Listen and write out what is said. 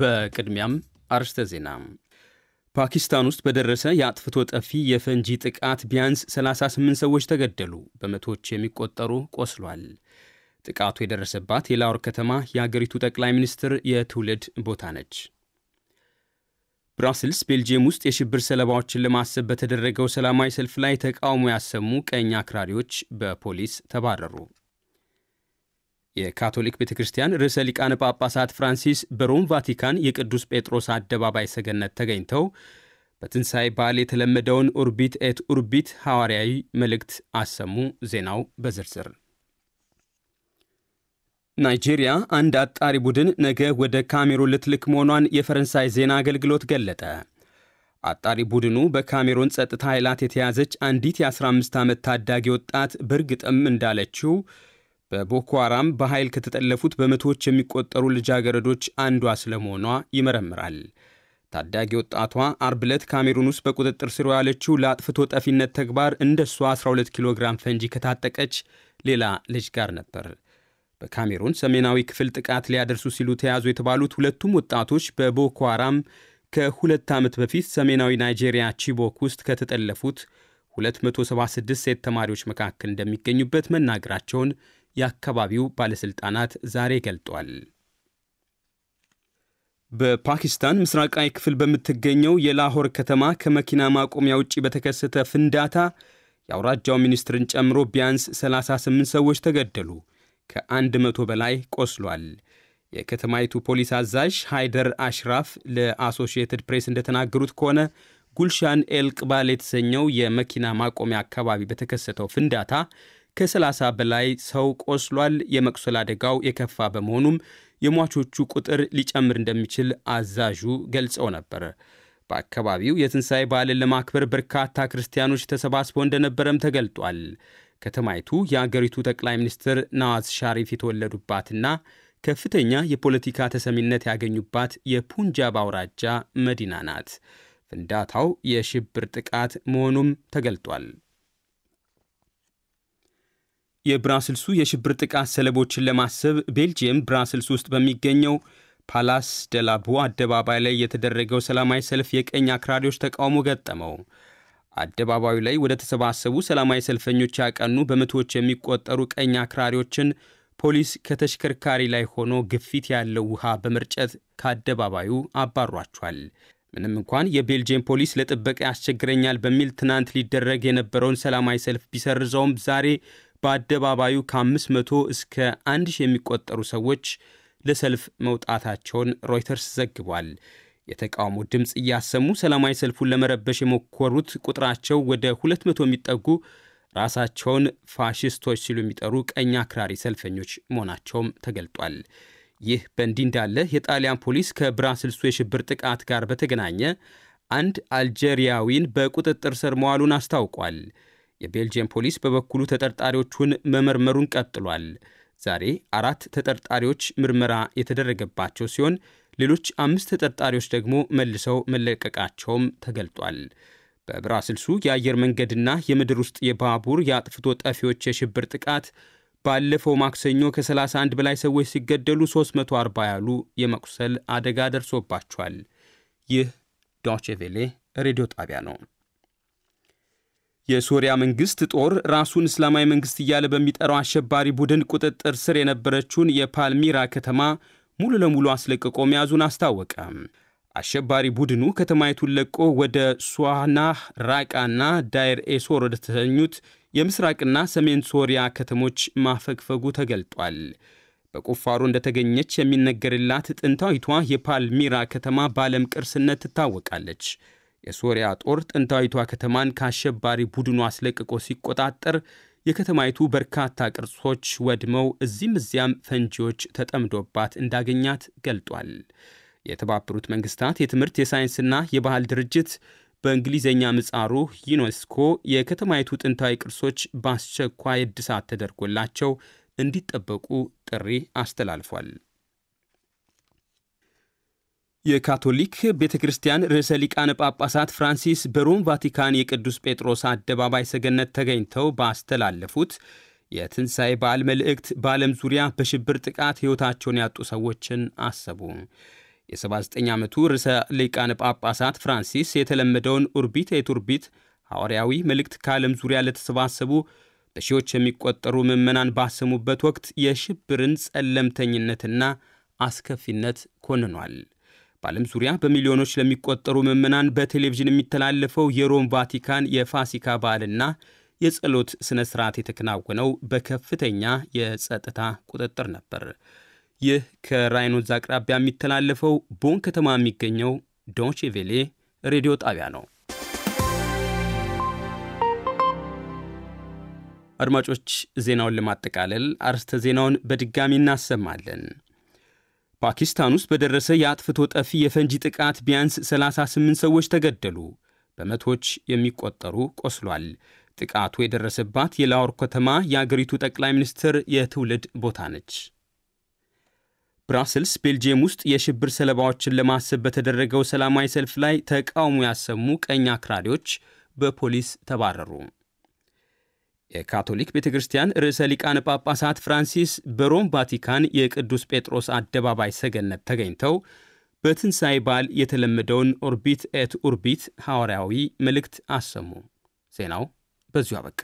በቅድሚያም አርስተ ዜና። ፓኪስታን ውስጥ በደረሰ የአጥፍቶ ጠፊ የፈንጂ ጥቃት ቢያንስ 38 ሰዎች ተገደሉ፣ በመቶዎች የሚቆጠሩ ቆስሏል። ጥቃቱ የደረሰባት የላውር ከተማ የአገሪቱ ጠቅላይ ሚኒስትር የትውልድ ቦታ ነች። ብራስልስ ቤልጅየም ውስጥ የሽብር ሰለባዎችን ለማሰብ በተደረገው ሰላማዊ ሰልፍ ላይ ተቃውሞ ያሰሙ ቀኝ አክራሪዎች በፖሊስ ተባረሩ። የካቶሊክ ቤተ ክርስቲያን ርዕሰ ሊቃነ ጳጳሳት ፍራንሲስ በሮም ቫቲካን የቅዱስ ጴጥሮስ አደባባይ ሰገነት ተገኝተው በትንሣኤ በዓል የተለመደውን ኡርቢት ኤት ኡርቢት ሐዋርያዊ መልእክት አሰሙ። ዜናው በዝርዝር ናይጄሪያ አንድ አጣሪ ቡድን ነገ ወደ ካሜሩን ልትልክ መሆኗን የፈረንሳይ ዜና አገልግሎት ገለጠ። አጣሪ ቡድኑ በካሜሩን ጸጥታ ኃይላት የተያዘች አንዲት የ15 ዓመት ታዳጊ ወጣት በእርግጥም እንዳለችው በቦኮ ሐራም በኃይል ከተጠለፉት በመቶዎች የሚቆጠሩ ልጃገረዶች አንዷ ስለመሆኗ ይመረምራል። ታዳጊ ወጣቷ አርብ ዕለት ካሜሩን ውስጥ በቁጥጥር ስር ያለችው ለአጥፍቶ ጠፊነት ተግባር እንደሷ 12 ኪሎ ግራም ፈንጂ ከታጠቀች ሌላ ልጅ ጋር ነበር። በካሜሩን ሰሜናዊ ክፍል ጥቃት ሊያደርሱ ሲሉ ተያዙ የተባሉት ሁለቱም ወጣቶች በቦኮ ሐራም ከሁለት ዓመት በፊት ሰሜናዊ ናይጄሪያ ቺቦክ ውስጥ ከተጠለፉት 276 ሴት ተማሪዎች መካከል እንደሚገኙበት መናገራቸውን የአካባቢው ባለሥልጣናት ዛሬ ገልጧል። በፓኪስታን ምስራቃዊ ክፍል በምትገኘው የላሆር ከተማ ከመኪና ማቆሚያ ውጭ በተከሰተ ፍንዳታ የአውራጃው ሚኒስትርን ጨምሮ ቢያንስ 38 ሰዎች ተገደሉ፣ ከ100 በላይ ቆስሏል። የከተማይቱ ፖሊስ አዛዥ ሃይደር አሽራፍ ለአሶሺየትድ ፕሬስ እንደተናገሩት ከሆነ ጉልሻን ኤልቅባል የተሰኘው የመኪና ማቆሚያ አካባቢ በተከሰተው ፍንዳታ ከ30 በላይ ሰው ቆስሏል። የመቁሰል አደጋው የከፋ በመሆኑም የሟቾቹ ቁጥር ሊጨምር እንደሚችል አዛዡ ገልጸው ነበር። በአካባቢው የትንሣኤ በዓልን ለማክበር በርካታ ክርስቲያኖች ተሰባስበው እንደነበረም ተገልጧል። ከተማይቱ የአገሪቱ ጠቅላይ ሚኒስትር ናዋዝ ሻሪፍ የተወለዱባትና ከፍተኛ የፖለቲካ ተሰሚነት ያገኙባት የፑንጃብ አውራጃ መዲና ናት። ፍንዳታው የሽብር ጥቃት መሆኑም ተገልጧል። የብራስልሱ የሽብር ጥቃት ሰለቦችን ለማሰብ ቤልጅየም ብራስልስ ውስጥ በሚገኘው ፓላስ ደላቡ አደባባይ ላይ የተደረገው ሰላማዊ ሰልፍ የቀኝ አክራሪዎች ተቃውሞ ገጠመው። አደባባዩ ላይ ወደ ተሰባሰቡ ሰላማዊ ሰልፈኞች ያቀኑ በመቶዎች የሚቆጠሩ ቀኝ አክራሪዎችን ፖሊስ ከተሽከርካሪ ላይ ሆኖ ግፊት ያለው ውሃ በመርጨት ከአደባባዩ አባሯቸዋል። ምንም እንኳን የቤልጅየም ፖሊስ ለጥበቃ ያስቸግረኛል በሚል ትናንት ሊደረግ የነበረውን ሰላማዊ ሰልፍ ቢሰርዘውም ዛሬ በአደባባዩ ከ500 እስከ 1000 የሚቆጠሩ ሰዎች ለሰልፍ መውጣታቸውን ሮይተርስ ዘግቧል። የተቃውሞ ድምፅ እያሰሙ ሰላማዊ ሰልፉን ለመረበሽ የሞከሩት ቁጥራቸው ወደ 200 የሚጠጉ ራሳቸውን ፋሽስቶች ሲሉ የሚጠሩ ቀኝ አክራሪ ሰልፈኞች መሆናቸውም ተገልጧል። ይህ በእንዲህ እንዳለ የጣሊያን ፖሊስ ከብራስልሱ የሽብር ጥቃት ጋር በተገናኘ አንድ አልጄሪያዊን በቁጥጥር ስር መዋሉን አስታውቋል። የቤልጅየም ፖሊስ በበኩሉ ተጠርጣሪዎቹን መመርመሩን ቀጥሏል። ዛሬ አራት ተጠርጣሪዎች ምርመራ የተደረገባቸው ሲሆን ሌሎች አምስት ተጠርጣሪዎች ደግሞ መልሰው መለቀቃቸውም ተገልጧል። በብራስልሱ የአየር መንገድና የምድር ውስጥ የባቡር የአጥፍቶ ጠፊዎች የሽብር ጥቃት ባለፈው ማክሰኞ ከ31 በላይ ሰዎች ሲገደሉ 340 ያሉ የመቁሰል አደጋ ደርሶባቸዋል። ይህ ዶቼ ቬሌ ሬዲዮ ጣቢያ ነው። የሶሪያ መንግስት ጦር ራሱን እስላማዊ መንግስት እያለ በሚጠራው አሸባሪ ቡድን ቁጥጥር ስር የነበረችውን የፓልሚራ ከተማ ሙሉ ለሙሉ አስለቅቆ መያዙን አስታወቀ። አሸባሪ ቡድኑ ከተማይቱን ለቆ ወደ ሷናህ፣ ራቃና ዳይር ኤሶር ተሰኙት የምስራቅና ሰሜን ሶሪያ ከተሞች ማፈግፈጉ ተገልጧል። በቁፋሮ እንደተገኘች የሚነገርላት ጥንታዊቷ የፓልሚራ ከተማ በዓለም ቅርስነት ትታወቃለች። የሶሪያ ጦር ጥንታዊቷ ከተማን ከአሸባሪ ቡድኑ አስለቅቆ ሲቆጣጠር የከተማይቱ በርካታ ቅርሶች ወድመው እዚህም እዚያም ፈንጂዎች ተጠምዶባት እንዳገኛት ገልጧል። የተባበሩት መንግስታት የትምህርት የሳይንስና የባህል ድርጅት በእንግሊዝኛ ምጻሩ ዩኔስኮ የከተማይቱ ጥንታዊ ቅርሶች በአስቸኳይ እድሳት ተደርጎላቸው እንዲጠበቁ ጥሪ አስተላልፏል። የካቶሊክ ቤተ ክርስቲያን ርዕሰ ሊቃነ ጳጳሳት ፍራንሲስ በሮም ቫቲካን የቅዱስ ጴጥሮስ አደባባይ ሰገነት ተገኝተው ባስተላለፉት የትንሣኤ በዓል መልእክት በዓለም ዙሪያ በሽብር ጥቃት ሕይወታቸውን ያጡ ሰዎችን አሰቡ። የ79 ዓመቱ ርዕሰ ሊቃነ ጳጳሳት ፍራንሲስ የተለመደውን ኡርቢት ኤት ሐዋርያዊ መልእክት ከዓለም ዙሪያ ለተሰባሰቡ በሺዎች የሚቆጠሩ ምዕመናን ባሰሙበት ወቅት የሽብርን ጸለምተኝነትና አስከፊነት ኮንኗል። በዓለም ዙሪያ በሚሊዮኖች ለሚቆጠሩ ምዕመናን በቴሌቪዥን የሚተላለፈው የሮም ቫቲካን የፋሲካ በዓልና የጸሎት ሥነ ሥርዓት የተከናወነው በከፍተኛ የጸጥታ ቁጥጥር ነበር። ይህ ከራይኖዝ አቅራቢያ የሚተላለፈው ቦን ከተማ የሚገኘው ዶቼ ቬሌ ሬዲዮ ጣቢያ ነው። አድማጮች፣ ዜናውን ለማጠቃለል አርስተ ዜናውን በድጋሚ እናሰማለን። ፓኪስታን ውስጥ በደረሰ የአጥፍቶ ጠፊ የፈንጂ ጥቃት ቢያንስ 38 ሰዎች ተገደሉ፣ በመቶዎች የሚቆጠሩ ቆስሏል። ጥቃቱ የደረሰባት የላወር ከተማ የአገሪቱ ጠቅላይ ሚኒስትር የትውልድ ቦታ ነች። ብራስልስ ቤልጅየም ውስጥ የሽብር ሰለባዎችን ለማሰብ በተደረገው ሰላማዊ ሰልፍ ላይ ተቃውሞ ያሰሙ ቀኝ አክራሪዎች በፖሊስ ተባረሩ። የካቶሊክ ቤተ ክርስቲያን ርዕሰ ሊቃነ ጳጳሳት ፍራንሲስ በሮም ቫቲካን የቅዱስ ጴጥሮስ አደባባይ ሰገነት ተገኝተው በትንሣኤ በዓል የተለመደውን ኦርቢት ኤት ኡርቢት ሐዋርያዊ መልእክት አሰሙ። ዜናው በዚሁ አበቃ።